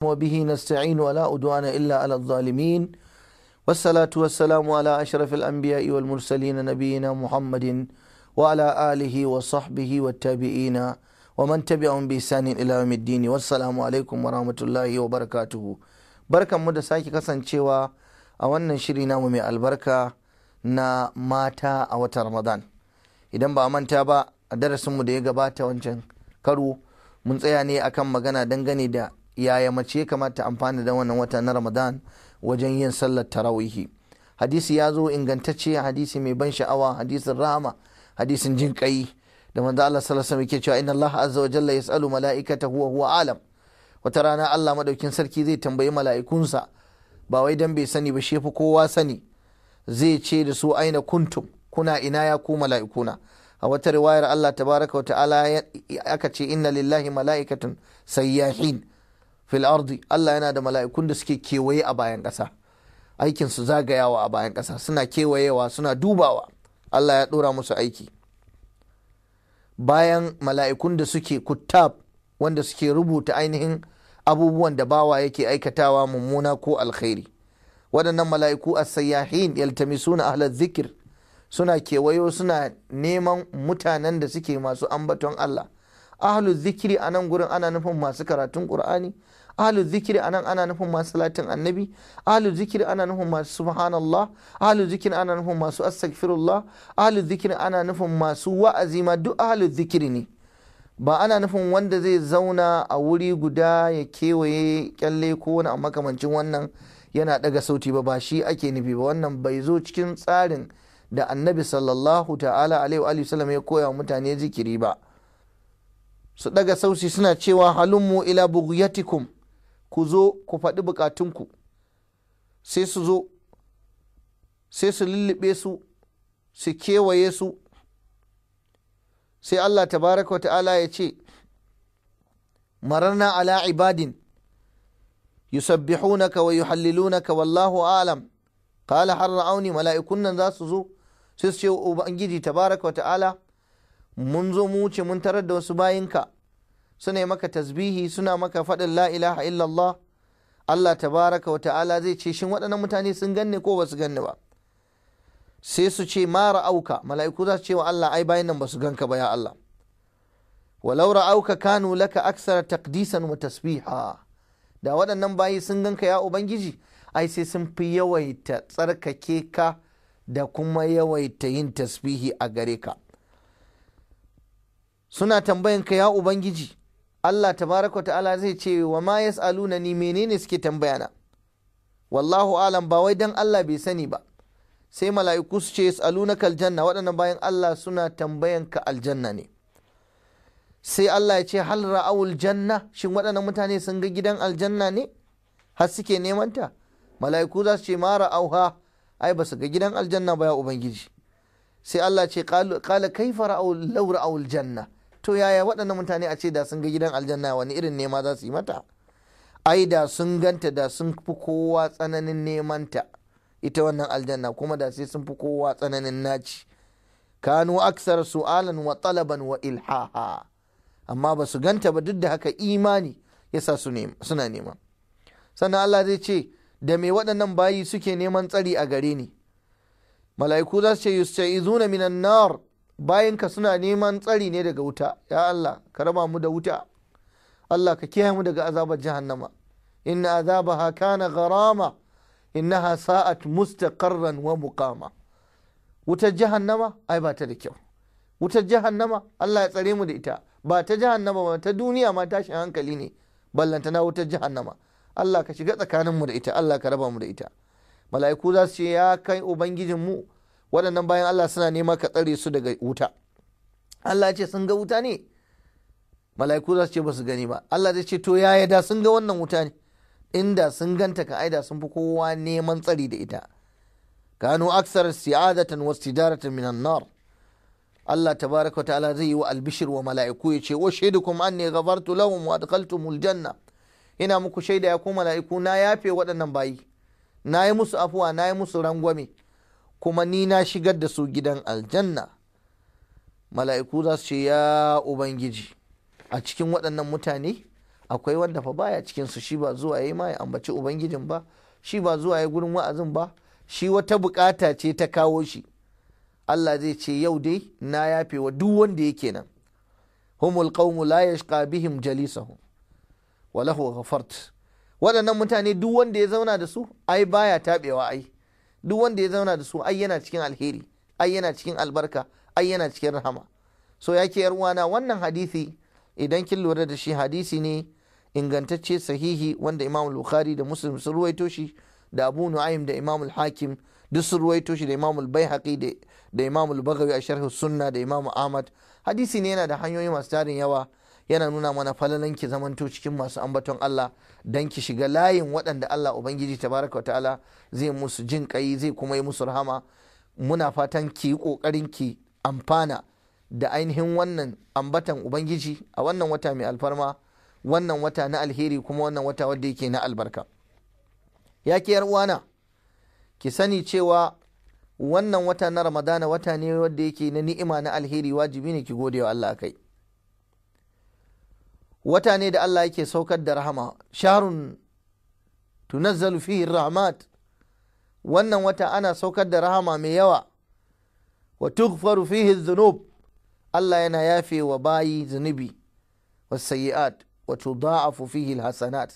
وبه نستعين ولا أدوان إلا على الظالمين والصلاة والسلام على أشرف الأنبياء والمرسلين نبينا محمد وعلى آله وصحبه والتابعين ومن تبعهم بإحسان إلى يوم الدين والسلام عليكم ورحمة الله وبركاته بركة مدى ساكي كسان شوى أولا شرينا ومي البركة نا ماتا أو رمضان idan ba manta ba a darasinmu da ya gabata wancan karo mun tsaya ne akan magana dangane da yaya mace ya kamata amfani da wannan wata na ramadan wajen yin sallar tarawihi hadisi ya zo ingantacce hadisi mai ban sha'awa hadisin rahama hadisin jin kai da manzo Allah sallallahu alaihi wasallam yake cewa inna Allah azza wa jalla yasalu mala'ikatahu wa huwa alam wata rana Allah madaukin sarki zai tambayi mala'ikunsa ba wai dan bai sani ba shi fi kowa sani zai ce da su aina kuntum kuna ina ya ku mala'ikuna a wata riwayar Allah tabaraka wa ta'ala aka ce inna lillahi mala'ikatun sayyahin fil ardi Allah yana da mala'ikun da suke kewaye a bayan ƙasa aikin su zagayawa a bayan ƙasa suna kewayewa suna dubawa Allah ya ɗora musu aiki bayan mala'ikun da suke kuttab wanda suke rubuta ainihin abubuwan da bawa yake aikatawa mummuna ko alkhairi waɗannan mala'iku a sayyahin yaltamisuna ahla zikir suna kewayo suna neman mutanen da suke masu ambaton Allah ahlu zikiri a nan gurin ana nufin masu karatun ƙur'ani Alu zikiri anan ana nufin masu salatin annabi ahlu zikiri ana nufin masu subhanallah ahlul zikiri ana nufin masu astaghfirullah ahlul zikiri ana nufin masu wa'azi ma duk ahlu zikiri ne ba ana nufin wanda zai zauna a wuri guda ya kewaye kyalle ko wani makamancin wannan yana daga sauti ba ba shi ake nufi ba wannan bai zo cikin tsarin da annabi sallallahu ta'ala alaihi wa sallam ya koya mutane zikiri ba su daga sauti suna cewa halummu ila bughyatikum ku zo ku faɗi bukatunku sai su zo sai su lullube su su kewaye su sai Allah tabaraka wa ta'ala ya ce mararna ala ibadin yusabbihunaka wa yuhallilunaka wallahu alam qala har ra'auni mala'ikun nan za su zo sai su ce ubangiji tabaraka wa ta'ala mun zo mu wuce mun tarar da wasu bayinka suna maka tasbihi suna maka faɗin la ilaha illallah Allah tabaraka wa ta'ala zai ce shin waɗannan mutane sun ganne ko ba su ganne ba sai su ce ma ra'auka mala'iku za su ce wa Allah ai bayan nan ba su ganka ba ya Allah walau ra'auka kanu laka aksar takdisan wa tasbiha da waɗannan bayi sun ganka ya ubangiji ai sai sun fi yawaita tsarkake ka da kuma yawaita yin tasbihi a gare ka suna tambayan ka ya ubangiji Allah tabaraka ta'ala zai ce wa ma yas'aluna ni menene suke tambayana wallahu alam ba wai dan Allah bai sani ba sai mala'iku su ce yas'alunaka aljanna waɗannan bayan Allah suna tambayan ka aljanna ne sai Allah ya ce hal ra'awul janna shin waɗannan mutane sun ga gidan aljanna ne har suke neman ta mala'iku za su ce ma ra'auha ai ba su ga gidan aljanna ba ya ubangiji sai Allah ce qala kaifa ra'awul law ra'awul janna to yaya waɗannan mutane a ce da sun ga gidan aljanna wani irin nema za su yi mata ai da sun ganta da sun fi kowa tsananin nemanta ita wannan aljanna kuma da sai sun fi kowa tsananin naci kanu aksar su'alan wa talaban wa ilhaha amma ba su ganta ba duk da haka imani yasa suna nema sannan Allah zai ce da me waɗannan bayi suke neman tsari a gare ni mala'iku za su ce yusta'izuna minan nar bayanka suna neman tsari ne daga wuta ya Allah ka raba mu da wuta Allah ka kiyaye mu daga azabar jahannama inna azabaha kana gharama innaha sa'at mustaqarran wa muqama wutar jahannama ai ba ta da kyau wutar jahannama Allah ya tsare mu da ita ba ta jahannama ba ta duniya ma tashin hankali ne ballanta na wutar jahannama Allah ka shiga tsakanin mu da ita Allah ka raba mu da ita mala'iku za su ce ya kai ubangijin mu waɗannan bayan Allah suna nema ka tsare su daga wuta Allah ya ce sun ga wuta ne mala'iku za su ce ba su gani ba Allah ya ce to yaya da sun ga wannan wuta ne inda sun ganta ka aida sun fi kowa neman tsari da ita kanu aksar si'adatan wa tijaratan minan nar Allah tabaraka baraka ta'ala zai yi wa albishir wa mala'iku ya ce wa shaidukum anni ghafartu lahum wa adkhaltumul janna ina muku shaida ya ku mala'iku na yafe waɗannan bayi na yi musu afuwa na yi musu rangwame kuma ni na shigar da su gidan aljanna mala'iku za su ce ya ubangiji a cikin waɗannan mutane akwai wanda fa baya cikin su shi ba zuwa yayi ma ya ambaci ubangijin ba shi ba zuwa ya gurin wa'azin ba shi wata bukata ce ta kawo shi Allah zai ce yau dai na yafe wa duk wanda yake nan humul qaumu la yashqa bihim jalisahum wa lahu ghafart waɗannan mutane duk wanda ya zauna da su ai baya tabewa ai duk wanda ya zauna da su ai yana cikin alheri ai yana cikin albarka ai yana cikin rahama so ya ke uwana wannan hadisi idan kin lura da shi hadisi ne ingantacce sahihi wanda imam bukhari da muslim sun ruwaito shi da abu nu'aim da imam hakim duk sun ruwaito shi da imam al da imam bagawi a sharhi sunna da imam ahmad hadisi ne yana da hanyoyi masu tarin yawa yana nuna mana falalan ki zamanto cikin masu ambaton Allah dan ki shiga layin waɗanda Allah ubangiji tabaraka wa ta'ala zai musu jin kai zai kuma yi musu rahama muna fatan ki yi kokarin ki amfana da ainihin wannan ambatan ubangiji a wannan wata mai alfarma wannan wata na alheri kuma wannan wata wadda yake na albarka ya ke uwana ki sani cewa wannan wata na ramadana wata ne wadda yake na ni'ima na alheri wajibi ne ki gode wa Allah kai wata ne da Allah yake saukar da rahama sharun tunazzalu fihi rahmat wannan wata ana saukar da rahama mai yawa wa tughfaru fihi dhunub Allah yana yafe wa bayi zunubi wasayi'at wa tudha'afu fihi alhasanat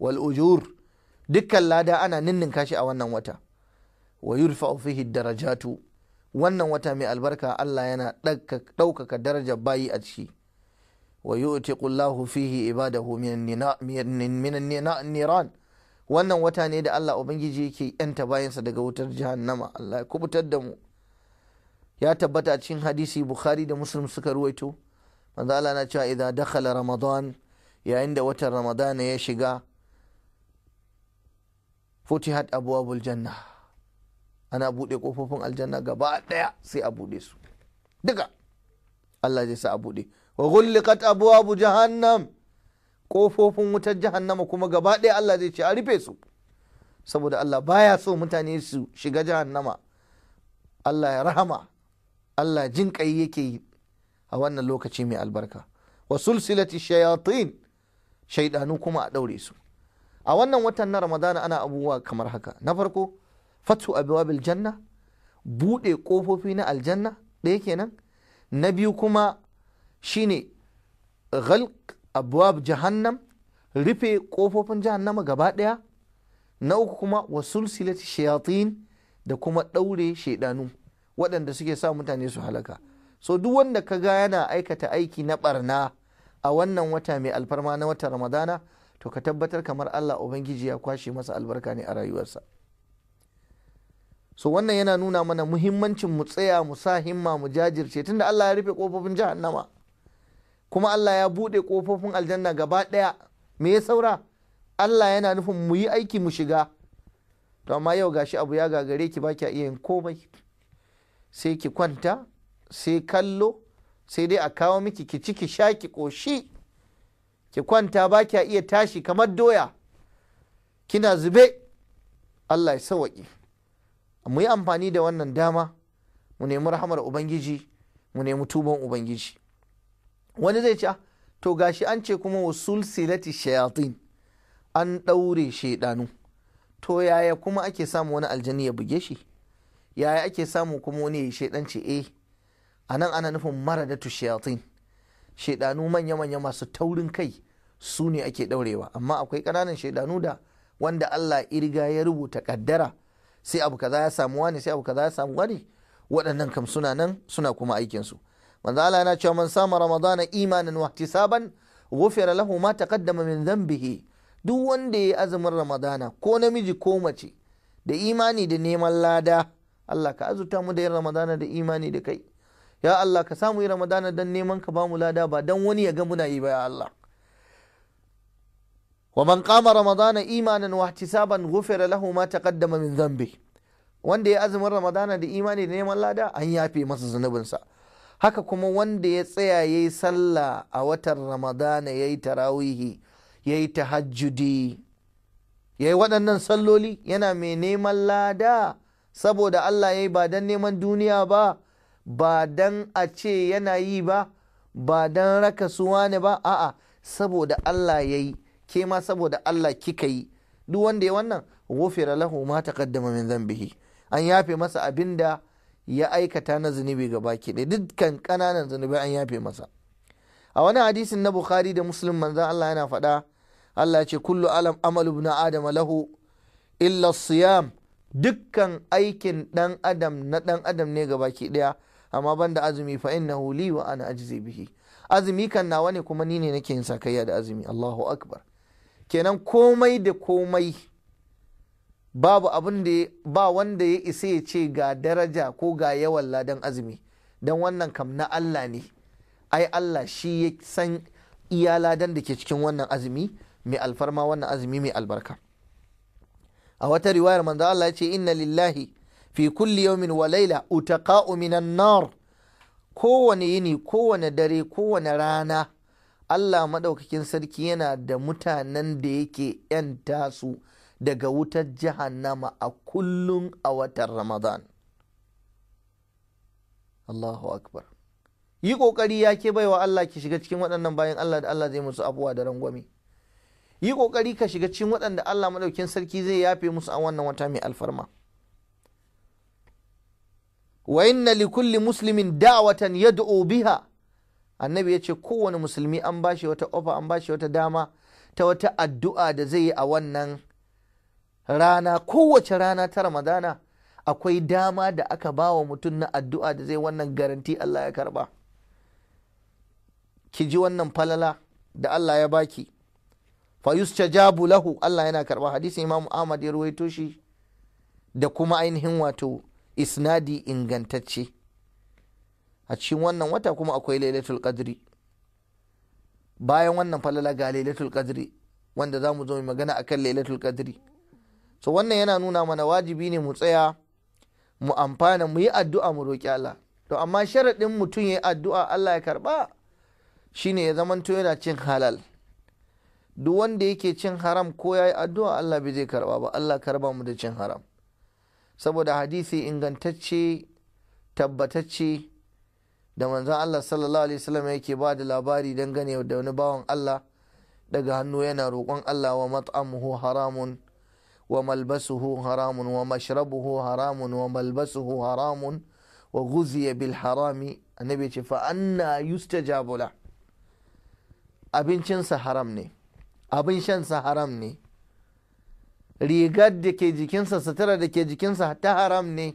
wal ujur dukkan lada ana ninninka shi a wannan wata wa yurfa'u fihi darajatu wannan wata mai albarka Allah yana ɗaukaka darajar bayi a ciki wa yu'tiqu Allahu fihi ibadahu minan niran wannan wata ne da Allah ubangiji yake yanta bayansa daga wutar jahannama Allah ya kubutar da mu ya tabbata cikin hadisi Bukhari da Muslim suka ruwaito manzo Allah na cewa idan dakhala Ramadan yayin da watan Ramadan ya shiga futihat abwabul janna ana buɗe kofofin aljanna gaba ɗaya sai a buɗe su duka Allah zai sa a buɗe wa ghulliqat abwabu jahannam kofofin wutar jahannama kuma gaba ɗaya Allah zai ce a rufe su saboda Allah baya so mutane su shiga jahannama Allah ya rahama Allah jin ƙai yake yi a wannan lokaci mai albarka wa sulsilati shayatin shaidanu kuma a ɗaure su a wannan watan na ramadana ana abubuwa kamar haka na farko fatu abwabil janna buɗe ƙofofi na aljanna ɗaya kenan na biyu kuma shine ghalq abwab jahannam rufe kofofin jahannama gaba daya na uku kuma wasul silati shayatin da kuma daure shaidanu waɗanda suke sa mutane su halaka so duk wanda ka ga yana aikata aiki na barna a wannan wata mai alfarma na wata ramadana to ka tabbatar kamar Allah Ubangiji ya kwashe masa albarka ne a rayuwarsa so wannan yana nuna mana muhimmancin mu tsaya mu sa himma mu jajirce tunda Allah ya rufe kofofin jahannama kuma Allah ya buɗe ƙofofin aljanna gaba ɗaya me ya saura Allah yana nufin mu yi aiki mu shiga to amma yau gashi abu ya gagare ki baki iya yin komai sai ki kwanta sai kallo sai dai a kawo miki ki ci ki sha ki ƙoshi ki kwanta baki iya tashi kamar doya kina zube Allah ya sawaƙi mu yi amfani da wannan dama mu nemi rahamar ubangiji mu nemi tuban ubangiji wani zai ce ah, to gashi an ce kuma wasul silati shayatin an ɗaure shaidanu to yaya kuma ake samu wani aljani ya buge shi yaya ake samu kuma wani ya yi shaidanci eh a nan ana nufin mara da shayatin shaidanu manya-manya masu taurin kai su ne ake ɗaurewa amma akwai ƙananan shaidanu da wanda Allah irga ya rubuta kaddara sai abu kaza ya samu wani sai abu kaza ya samu wani waɗannan kam suna nan suna kuma aikinsu manzo Allah yana cewa man sama ramadana imanan wa ihtisaban ghufira lahu ma taqaddama min dhanbihi duk wanda ya azumin ramadana ko namiji ko mace da imani da neman lada Allah ka azuta mu da yin ramadana da imani da kai ya Allah ka samu yi ramadana don neman ka ba mu lada ba don wani ya ga muna yi ba ya Allah wa man qama ramadana imanan wa ihtisaban ghufira lahu ma taqaddama min dhanbi wanda ya azumin ramadana da imani da neman lada an yafe masa zunubinsa haka kuma wanda ya tsaya ya yi sallah a watan ramadana ya yi tarawihi ya yi tahajjudi ya yi waɗannan salloli yana mai neman lada saboda Allah ya yi ba don neman duniya ba ba don a ce yana yi ba ba don raka suwa ne ba a'a saboda Allah ya yi ke ma saboda Allah kika yi duk wanda ya wannan wufira lahu ma taqaddama min zambihi an yafe masa abinda ya aikata na zunubi ga baki ɗaya dukkan ƙananan zunubi an yafe masa a wani hadisin na bukhari da muslim manzan allah yana faɗa allah ce kullu alam Amalu na adama lahu illa siyam dukkan aikin ɗan adam na ɗan adam ne ga baki ɗaya amma banda azumi fa inna li wa ana ajzi bihi azumi kan nawa ne kuma ni ne nake yin sakayya da azumi allahu akbar kenan komai da komai babu abin da ba wanda ya isa ya ce ga daraja ko ga yawan ladan azumi don wannan kam na Allah ne ai Allah shi ya san iya ladan da ke cikin wannan azumi mai alfarma wannan azumi mai albarka a wata riwayar manzo Allah ya ce inna lillahi fi kulli yawmin wa laila utaqa'u minan nar kowane yini kowane dare kowane rana Allah madaukakin sarki yana da mutanen da yake yan tasu. daga wutar jahannama a kullum a watan ramadan Allahu akbar yi kokari ya ke baiwa Allah ki shiga cikin waɗannan bayan Allah da Allah zai musu abuwa da rangwami. yi kokari ka shiga cikin waɗanda Allah maɗaukin sarki zai yafe musu a wannan wata mai alfarma wa inna li kulli muslimin da'watan yad'u biha annabi ya ce kowane musulmi an bashi wata ofa an bashi wata dama ta wata addu'a da zai yi a wannan rana kowace rana ta ramadana akwai dama da aka ba wa mutum na addu'a da zai wannan garanti Allah ya karba ki ji wannan falala da Allah ya baki fa jabu lahu Allah yana karba hadisi imamu Ahmad ya ruwaito shi da kuma ainihin wato isnadi ingantacce a cikin wannan wata kuma akwai lailatul qadri bayan wannan falala ga lailatul qadri wanda za mu zo mu magana akan lailatul qadri so wannan yana nuna mana wajibi ne mu tsaya mu amfana mu yi addu'a mu roƙi Allah to amma sharaɗin mutum ya yi addu'a Allah ya karɓa shine ya zamanto yana cin halal duk wanda yake cin haram ko ya yi addu'a Allah bai zai karɓa ba Allah karba mu da cin haram saboda hadisi ingantacce tabbatacce da manzon Allah sallallahu alaihi wasallam yake ba da labari dangane da wani bawan Allah daga hannu yana roƙon Allah wa mat'amuhu haramun وملبسه حرام ومشربه حرام وملبسه حرام وغذي بالحرام النبي ce fa anna yustajabu la abincinsa haram ne abin shansa haram ne rigar da ke jikinsa sutura da ke jikinsa ta haram ne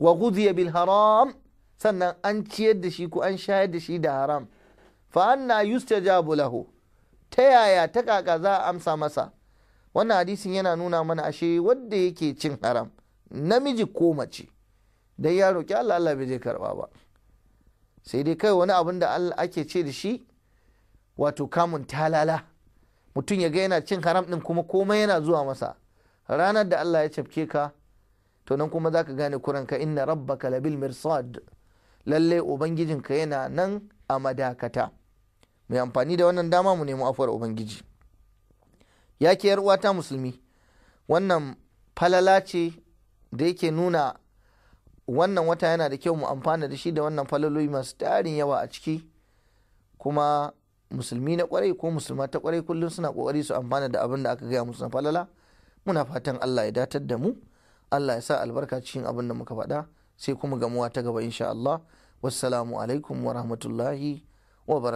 wa guziya bil haram sannan an ciyar da shi ko an shayar da shi da haram fa anna yustajabu lahu ta yaya ta kaka za a amsa masa wannan hadisin yana nuna mana ashe wanda yake cin haram namiji ko mace dai ya roki Allah Allah bai zai karba ba sai dai kai wani abin da Allah ake ce da shi wato kamun talala mutum ya ga yana cin haram din kuma komai yana zuwa masa ranar da Allah ya cafke ka to nan kuma zaka gane kuranka inna rabbaka labil mirsad lalle ubangijinka yana nan a madakata mai amfani da wannan dama mu nemi afuwar ubangiji ya ke uwata musulmi wannan falala ce da yake nuna wannan wata yana da kyau mu amfana da shi da wannan falaloli masu tarin yawa a ciki kuma musulmi na kwarai ko musulma ta kwarai kullum suna kokari su amfana da abin da aka gaya musu na falala muna fatan Allah ya datar da mu Allah ya sa albarka cikin abin da muka faɗa sai kuma gamuwa ta gaba insha Allah wassalamu alaikum wa rahmatullahi wa